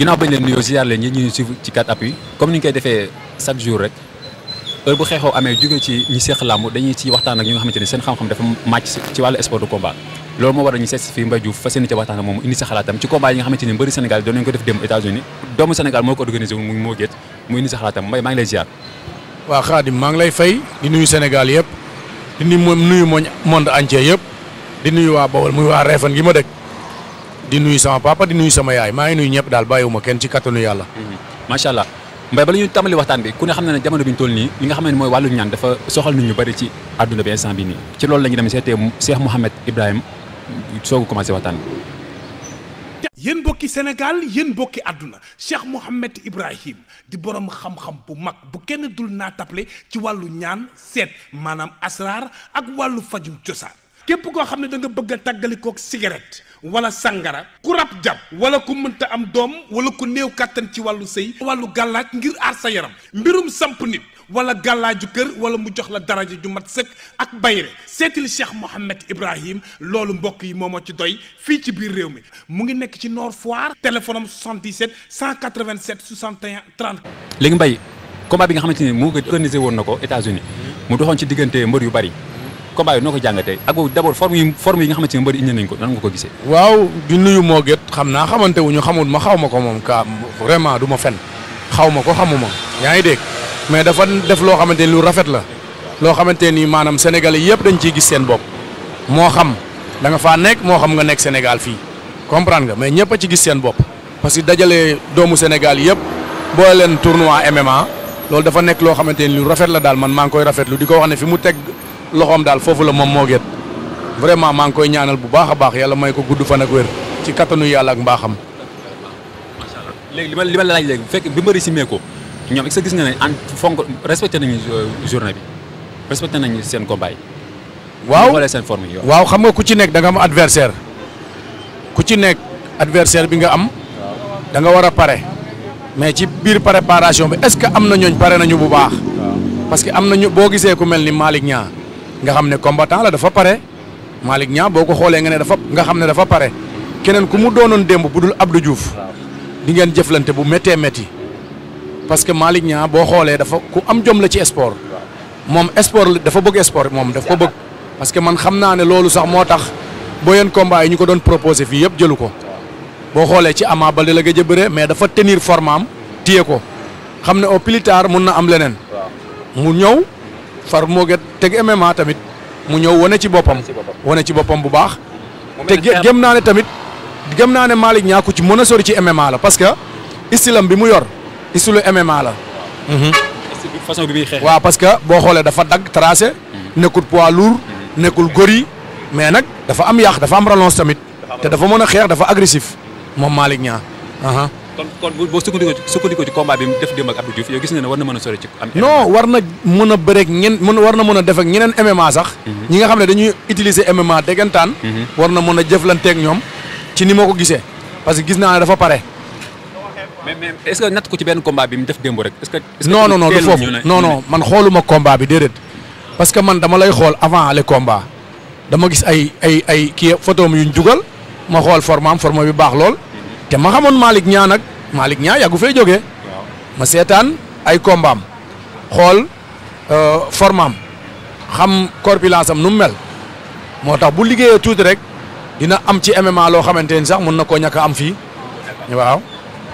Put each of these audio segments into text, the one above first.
ginnaaw bañ leen nuyoo ziar leen ñi ñu suivre ci 4appuis comme ni ñu koy defee chaque jour rek heure bu xeexoo amee jóge ci ñi seex làmb dañuy ci waxtaan ak ñi nga xamante ne seen xam-xam dafa màcc ci wàllu sport de combat loolu moo waral ñu seet fii Mbaye Diouf fas yéene ca waxtaan ak moom indi sa xalaatam ci combat yi nga xamante ne mbëri Sénégal doon nañu doomu Sénégal moo ko organisé mu moo géet mu indi sa xalaatam Mbaye maa ngi lay ziar waa di nuyu sama papa di nuyu sama yaay maa ngi nuyu ñëpp daal bàyyiwuma kenn ci kattanu yàlla. Mhm. macha allah mbay bala ñu tàmbali waxtaan bi ku ne xam na ne jamono bi ñu toll nii li nga xam ne mooy wàllu ñaan dafa soxal nit ñu bari ci àdduna bi instant bi nii ci lool la ñu dem seetee Cheikh Mouhamed Ibrahima soog a commencé waxtaan bi. yéen bokki Sénégal yéen bokki àdduna Cheikh Mouhamed Ibrahim di borom xam-xam bu mag bu kenn dul naa taple ci wàllu ñaan seet maanaam asraar ak wàllu fajum cosaan képp koo xam ne da nga bëgg a tàggalikook cigarette wala sàngara ku rab jàpp wala ku mënta am doom wala ku néew kàttan ci wàllu sëy wàllu gàllaaj ngir aar sa yaram mbirum samp nit wala gàllaaju kër wala mu jox la daraja ju mat sëkk ak bayre seetil Cheikh Mouhamed Ibrahim loolu mbokk yi moo ci doy fii ci biir réew mi mu ngi nekk ci Nord Foire téléphone am 77 187 61 30. léegi Mbaye combat bi nga xamante ni mu ko organisé woon na ko États-Unis mu doxoon ci diggante mbër yu bari. combat yi noo ko jàngatee ak boobu d' abord forme yi forme yi nga xamante ne mbëri indi nañ ko nan nga ko gisee. waaw di nuyu moo gét xam naa xamante wu ma xaw ma ko moom ka vraiment du ma fen xaw ma ko xamuma yaa ngi dégg mais dafa def loo xamante ni lu rafet la loo xamante nii maanaam sénégalais yëpp dañ ciy gis seen bopp moo xam da nga faa nekk moo xam nga nekk Sénégal fii comprendre nga mais ñëpp a ci gis seen bopp parce que dajale doomu Sénégal yëpp boole leen tournoi MMA loolu dafa nekk loo xamante ni lu rafet la daal man maa ngi koy rafetlu di ko wax ne fi mu teg loxoom daal foofu la moom moo gét vraiment maa ngi koy ñaanal bu baax a baax yàlla may ko gudd fan ak wér ci kattanu yàlla ak mbaaxam. léegi li ma li ma la laaj léegi bi mbëri simmee ko ñoom est gis nga ne en fonk respecté nañu euh, journée bi respecté nañu seen ko yi. waaw xoolee seen forme yi waaw xam nga ku ci nekk danga nga am adversaire ku ci nekk adversaire bi nga am. da nga war a pare. mais ci biir préparation bi est-ce que am na ñooñ pare nañu bu baax. parce que am na ñu boo gisee ku mel ni Malick Niang nga xam ne combattant la dafa pare Malick Niang boo ko xoolee nga ne dafa nga xam ne dafa pare keneen ku mu doonoon démb bu dul Abdou Diouf di ngeen jëflante bu méttee métti parce que Malick boo xoolee dafa ku am jom ci sport moom sport dafa bëgg sport moom daf ko bëgg parce que man xam naa ne loolu sax moo tax boo yeen combat ñu ko doon proposé fii yëpp jëlu ko boo xoolee ci Ama Baldé la gëj a mais dafa tenir formaam am téye ko xam ne au mun na am leneen mu ñëw. far moo gën teg MMA tamit mu ñëw wane ci boppam. wane ci boppam bu baax. te gëm naa ne tamit gëm naa ne Malick Niang ku ci mën a sori ci MMA la parce que istilam bi mu yor istilu MMA la. Mhm. façon bi muy waaw parce que boo xoolee dafa dagg tracé. Mhm. nekkul poids lourd. Mhm. nekkul gori mais nag dafa am yàq dafa am relance tamit. te dafa mën a xeex dafa agressif moom Malick Niang. kon kon boo sukkandikoo ci sukkandikoo ci combat bi mu def démb ak Abdou Diouf yow gis nga ne war na mën a sori ci am non war na mën a bëreeg ñen war na mën a def ak ñeneen MMA sax mhm. ñi nga xam ne dañuy utiliser MMA déggantaan mhm. war na mën a jëflanteeg ñoom ci ni ma ko gisee parce que gis naa ne dafa pare mais mais natt ko ci benn combat bi mu def démb rek est-ce que non non non du foofu non non mhm. man xooluma combat bi déedéet parce que man dama lay xool avant ale combat dama gis ay ay ay kii photo am yuñ jugal ma xool forme am forme bi baax lool te ma xamoon Malick Niang nag Malick Niang yàggu fay joge ma seetaan ay kombaam xool euh, formaam xam corpulence am nu mu mel moo tax bu liggéeyee tuuti rek dina am ci MMA loo xamante ni sax mun na koo ñàkk am fii waaw.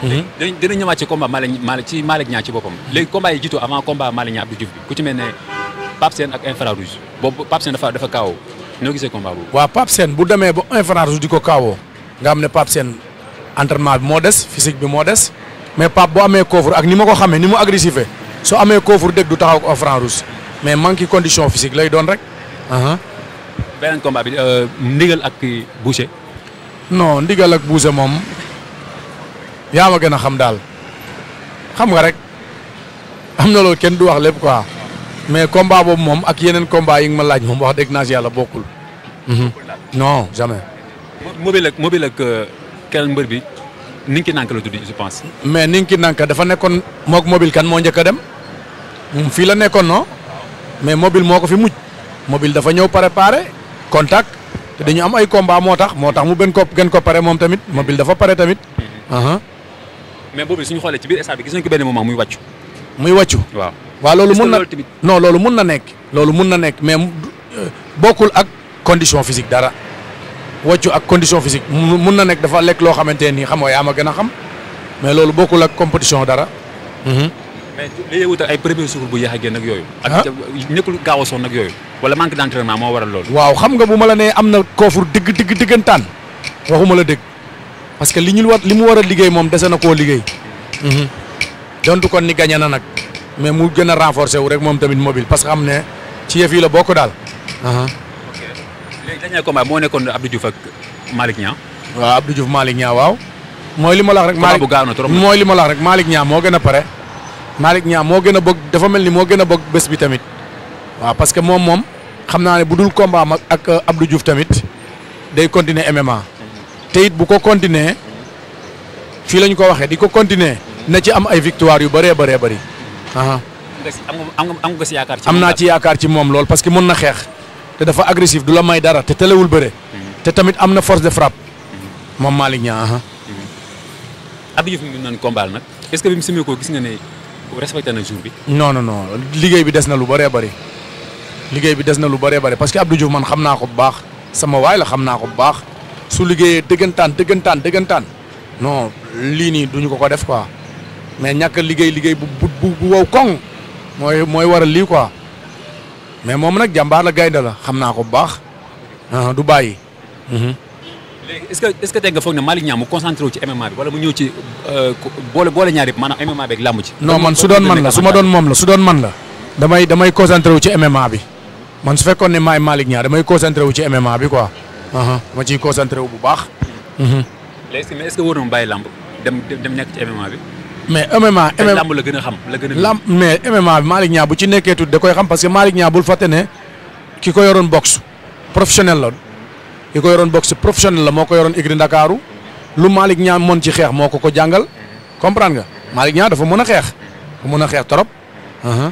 dinañ mhm. dina ñëwaat ci combat Malick Malick ci Malick Niang ci boppam léegi combat yi jiitu avant combat Malick Niang Abdou Diouf bi ku ci mel ne Pape Sène ak Infrarouge boobu Pape dafa dafa kaawoo noo gisee combat boobu. bu demee ba Infrarouge di ko kaawoo nga xam ne Pape entraînement bi moo des physique bi moo des mais Pape boo amee coffre ak ni ma ko xamee ni mu agressif soo amee coffre dëgg du taxaw au franc rouge mais manque condition physique lay doon rek. beneen euh, ndigal ak Boucher. non ndigal ak Boucher moom yaa ma gën a xam daal xam nga rek am na loolu kenn du wax lépp quoi mais combat boobu moom ak yeneen combat yi nga ma laaj moom wax dëgg naa si yàlla bokkul. Mhm. non jamais. mobile ak mobile ak keneen euh, mbër bi. Ninki Nanka la tudd je pense. mais Ninki Nanka dafa nekkoon mook mobile kan moo njëkk a dem fii la nekkoon non mais mobile moo ko fi mujj mobile dafa ñëw préparé contact te dañu am ay combat moo tax moo tax mu gën ko gën ko pare moom tamit mobile dafa pare tamit. mais boobu suñu xoolee ci biir stade bi gis nañ ko benn moment muy wàccu. muy wàccu waaw. waaw loolu mun na non loolu mun na nekk. loolu mun na nekk mais euh, bokkul ak condition physique dara. wàccu ak condition physique mun na nekk dafa lekk loo xamante nii xam nga yaa ma gën a xam mais loolu bokkul ak compétition dara. Mhm. mais léeg-léeg wutal ay premier secours bu yéex a génn ak yooyu. ak nekkul ah? gaaw a sonn yooyu. wala manque d'entraînement moo waral loolu. waaw xam nga bu ma la nee am na koofur dëgg dëgg dëggantaan waxuma la dëgg parce que li ñu war li mu war a liggéey moom dese na koo liggéey. Mhm. dontu kon ni gagné na nag mais mu gën a renforcer wu rek moom tamit mobile parce que xam ne ci yëf yi la bokk daal. léegi dañu moo nekkoon Abdou Diouf ak Malick Niang. waaw Abdou Diouf Malick Niang waaw. mooy li ma la wax rek. Malick bu gaaw na trop mooy li ma rek Malick Niang moo gën a pare. Malick Niang moo gën a bëgg dafa mel ni moo gën a bëgg bés bi tamit. waaw parce que moom moom xam naa ne bu dul combat ak euh, Abdou Diouf tamit day continuer MMA. te bu ko continuer fii la ko waxee di ko continuer na ci am ay victoire yu bëree bëree bari am nga am nga si yaakaar naa ci yaakaar ci moom lool parce que mën na xeex. te dafa agressif du la may dara te telewul bëre. Mhm. te tamit am na force de frappe. Mhm. moom Malick Niang. Mhm. Abdou Diouf mi ngi doon combat nag est-ce bi mu simee ko gis nga ne respecté na jour bi. non non non liggéey bi des na lu bëree bëri liggéey bi des na lu bëree bëri parce que Abdou Diouf man xam naa ko bu baax sama waay xam naa ko bu baax su liggéeyee dëggantaan dëggantaan dëggantaan non lii nii duñu ko ko def quoi mais ñàkk liggéey liggéey bu bu bu wow koŋ mooy mooy a lii quoi. mais moom nag jàmbaar la gaynde la xam naa ko bu baax ah, du bàyyi. Mhm. léegi est-ce que est-ce que foog ne Malick Niang mu concentré wu ci MMA bi wala mu ñëw ci euh, boole boole ñaar yëpp maanaam MMA ci. non man su doon man la su ma doon moom la su doon man la. damay damay concentré wu ci MMA bi man su fekkoon ne maay Malick Niang damay concentré wu ci MMA bi quoi. dama ciy concentré wu bu baax. Mhm. léegi mais est-ce dem dem nekk ci bi. mais MMA. MMA lamb la a la mais MMA bi Malick Niang bu ci nekkee tuuti da koy xam parce que Malick Niang bul ne ki ko yoroon boxe professionnel la ki ko yoroon boxe professionnel la moo ko yoroon Igri Ndakaaru lu Malick Niang mën ci xeex moo ko ko jàngal comprendre nga Malick Niang dafa mën a xeex dafa mën a xeex trop. Uh-huh.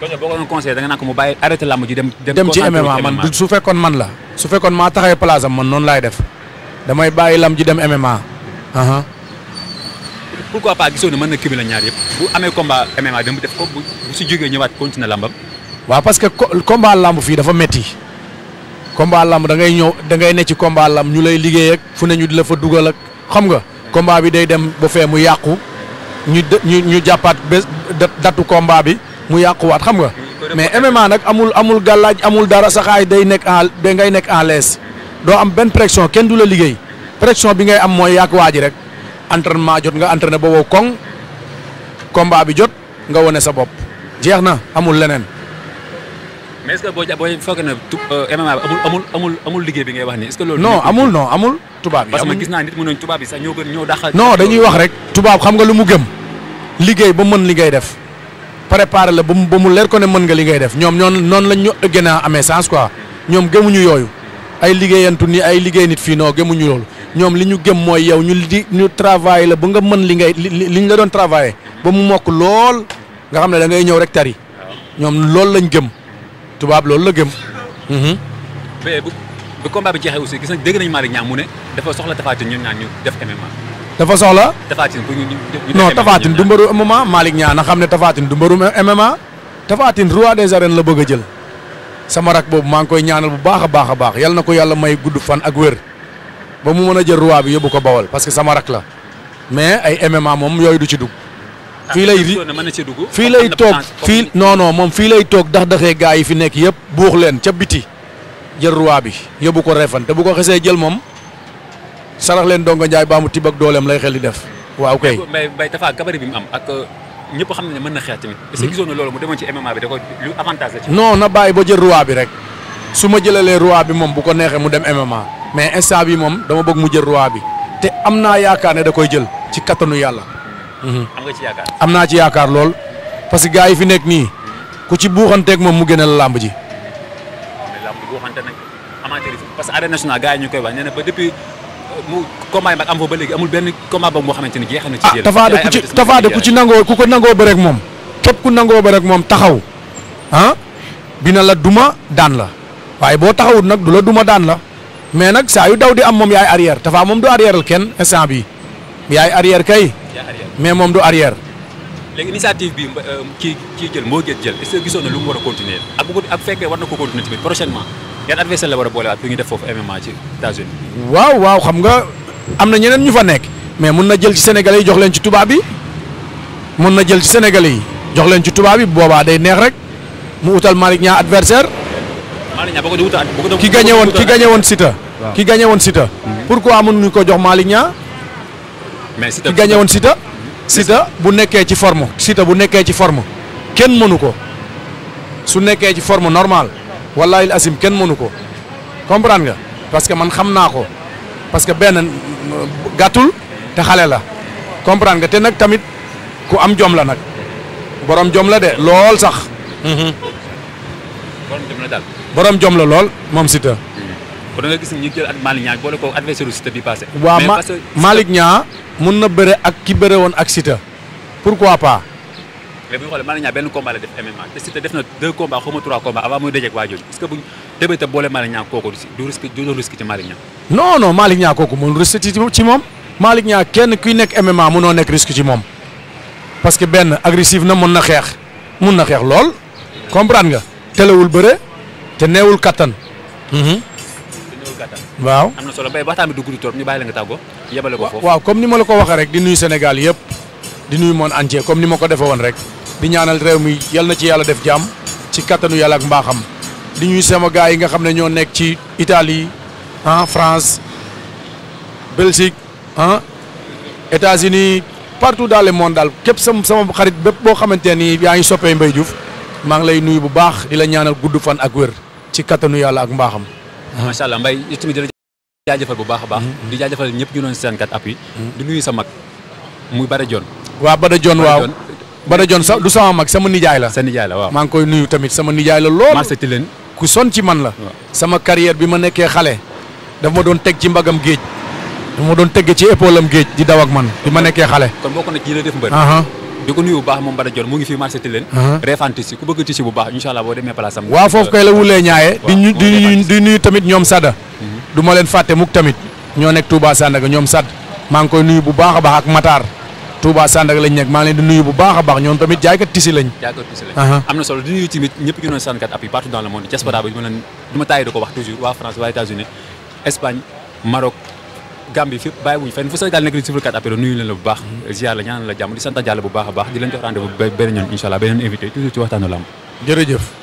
kon boo da nga naan mu bàyyi arrêté lamb ji dem. dem ci MMA man su fekkoon man la. su fekkoon maa taxawee place am man noonu laay def damay bàyyi lam ji dem MMA. Uh-huh. pourquoi pas gisoo ne mën na cumuler ñaar yëpp bu amee combat MMA dem def ko bu si jógee ñëwaat continuer lambam. parce que combat lamb fii dafa metti combat lamb da ngay ñëw da ngay ne ci combat lamb ñu lay liggéey ak fu ne ñu di la fa dugal ak xam nga. combat bi day dem ba fee mu yàqu ñu ñu ñu jàppaat bés datu combat bi mu yàquwaat xam nga. mais MMA nag amul amul gàllaaj amul dara saxaay day nekk en da ngay nekk en l'aise doo am benn pression kenn du la liggéey pression bi ngay am mooy yàq waa ji rek. entraînement jot nga entraîné ba wow koŋ combat bi jot nga wone sa bopp jeex na amul leneen. mais est-ce que boo ne euh, MMA bi amul amul amul amul liggéey bi ngay wax ni est-ce amul non amul tubaab yi. parce que gis naa nit mu ne tubaab yi sax ñoo gën ñoo dàq. non dañuy wax rek tubaab xam nga lu mu gëm liggéey ba mën li ngay def préparer la ba mu ba mu leer ko ne mën nga li ngay def ñoom ñoon noonu lañ ñu gën a amee sens quoi ñoom gëmuñu yooyu ay liggéeyantu ni ay liggéey nit fii noo gëmuñu loolu. ñoom li ñu gëm mooy yow ñu di ñu travail la ba nga mën li ngay li ñu la doon travailler ba mu mokk lool nga xam ne da ñëw rek tari ñoom loolu lañu gëm tubaab loolu la gëm. Mhm. mais bu bu combat bi jeexee aussi gis nañ dégg mu ne dafa soxla Tapha Tine ñun ñaan ñu def MMA. dafa soxla. Tapha Tine pour ñu ñu non Tapha Tine du na xam ne Tapha Tine du mbëru MMA. Tapha Tine roi des arènes la bëgg jël sama rak boobu maa ngi koy ñaanal bu baax a baax a baax yal na ko yàlla may gudd fan ak wér. ba mu mën a jël roi bi yóbbu ko bawal parce que sama rak la mais ay MMA moom yooyu du ci dugg. Ah, fii lay fii lay toog fii non moom fii lay toog dax daxee gars yi fi nekk yëpp buux leen ca biti jël roi bi yóbbu ko refan te bu ko xesee jël moom sarax leen dongo njaay baa mu tibb ak dooleem lay xel di def waaw kay mais mais Tapha gabarit bi mu am ak euh, ñëpp xam ne mën na xeex tamit est que hmm? gisoon loolu mu demoon ci MMA bi da ko bàyyi ba jël roi bi rek su ma jëlalee roi bi moom bu ko neexee mu dem MMA mais instant bi moom dama bëgg mu jël roi bi te am naa yaakaar ne da koy jël ci kattanu yàlla. Mhm. am ci am naa ci yaakaar lool parce que gars yi fi nekk nii ku ci buuxanteeg moom mu gënal làmb ji. làmb ji buuxante nag amateur parce que arène nationale ñu koy wax nee na ba depuis euh, mu am fa ba léegi amul benn combat boobu moo xamante ni jeex na ci. Ah, tafaade ku ci tafaade ku ci nangoo ku ko nangoo ba rek moom képp ku nangoo ba rek moom taxaw ah dina la duma daan la waaye boo taxawut nag du la duma daan la. mais nag saa yu daw di am moom yaay arrière Tapha moom du arrière kenn instant bi yaay arrière kay. mais moom du arrière. léegi initiative bi euh, kii kii jël moo gën jël est-ce gisoon na lu mu war a continuer ak bu ak fekkee war na ko continuer tamit prochainement yan adversaire la war a boolewaat pour ñu def foofu MMA ci waaw waaw xam nga am na ñeneen ñu fa nekk mais mun na jël ci Sénégalais yi jox leen ci tubaab bi mun na jël ci sénégal yi jox leen ci tubaab bi boobaa day neex rek mu utal Malick ñaa adversaire Malick Niang boo ko doon wutal boo ko doon ki gagné woon ki gagné woon Siteu. waaw ki gagné hmm. ñu ko jox maali ñaa mais Siteu ki gagné woon hmm. Siteu. bu nekkee ci forme Siteu bu nekkee ci form kenn mënu ko su nekkee ci forme normale wallaahi asim kenn mënu ko comprendre nga parce que man xam naa ko parce que benn euh, gàttul te xale la comprendre nga te nag tamit ku am jom la nag borom jom la de lool sax. Hmm, la daal. borom jom la lool moom Siteu. Mm. kon da nga gis ñu jël ak Malick Niang boole ko adversaire u Siteu bi passé. waaw ma Malick Niang mun na bëre ak ki bëre woon ak Siteu pourquoi pas. mais bu ñu xoolee Malick Niang benn combat la def MMA te Siteu def na deux combats trois combats avant muy dajee waa jooju est ce que buñ tëbee te boole Malick kooku du risque du risque ci Malick Niang. non non Malick Niang kooku mun risque ci moom Malick kenn kuy nekk MMA munoo nekk risque ci moom parce que benn agressif na mun na xeex mun na xeex lool comprendre nga telewul bëre. Mhm. te neewul kattan. waaw am na solo bay waxtaan bi du gudd trop la nga tàggoo yebale ko foofu waaw comme ni ma la ko waxee rek di nuyu Sénégal yëpp di nuyu monde entier comme ni ma ko defee woon rek di ñaanal réew mi yal na ci yàlla def jàmm ci kattanu yàlla ak mbaaxam di ñuy sama gars yi nga xam ne ñoo nekk ci itaali ah France Belgique ah États-Unis partout daal le monde daal képp sama sama xarit bépp boo xamante ni yaa ngi soppee mbay Diouf maa ngi lay nuyu bu baax di la ñaanal gudd fan ak wér. ci kattanu yàlla ak mbaaxam. macha allah mbay itamit di bu baax a baax. Mm-hmm. di jaajëfal ñëpp ñu doon seen kat mm-hmm. du nuyu sa mag muy Bada Dione. waaw Bada joon waaw Bada Dione sa du sama mag sama nijaay la. sa nijaay la waaw maa ngi koy nuyu tamit sama nijaay la lool. maa seeti leen ku son ci man la. sama carrière bi ma nekkee xale. daf ma doon teg ci mbagam géej. daf ma doon teg ci épaule am géej di daw ak man bi ma nekkee xale. kon bokk na ci la def mbër. di ko nuyu bu baax moom Bada Dione mu ngi fii marché Tilène reefaan tissu ku bëgg tissu bu baax insha allah boo demee place am waaw foofu nuyu tamit ñoom Sada mhm. du ma leen fàtte mukk tamit ñoo nekk Touba Sandaga ñoom Sad maa ngi koy nuyu bu baax a baax ak Matar Touba Sandaga lañ nekk maa ngi leen di nuyu bu baax a baax ñoom tamit jaaykat tissu lañ jaaykat tissu lañ am na solo di nuyu tamit ñëpp ñu doon sankat appui partout dans le monde diaspora bi du ma leen tàyyi di ko wax toujours waa France waa États-Unis Gambie fépp bàyyi wuñ fenn fu Sénégal nekk di suivre 4appuis la bu baax ziar la ñaanal la jàmm di sant Yàlla bu baax a baax di leen jox rendez beneen yoon incha allah beneen invité toujours ci waxtaanu lamb jërëjëf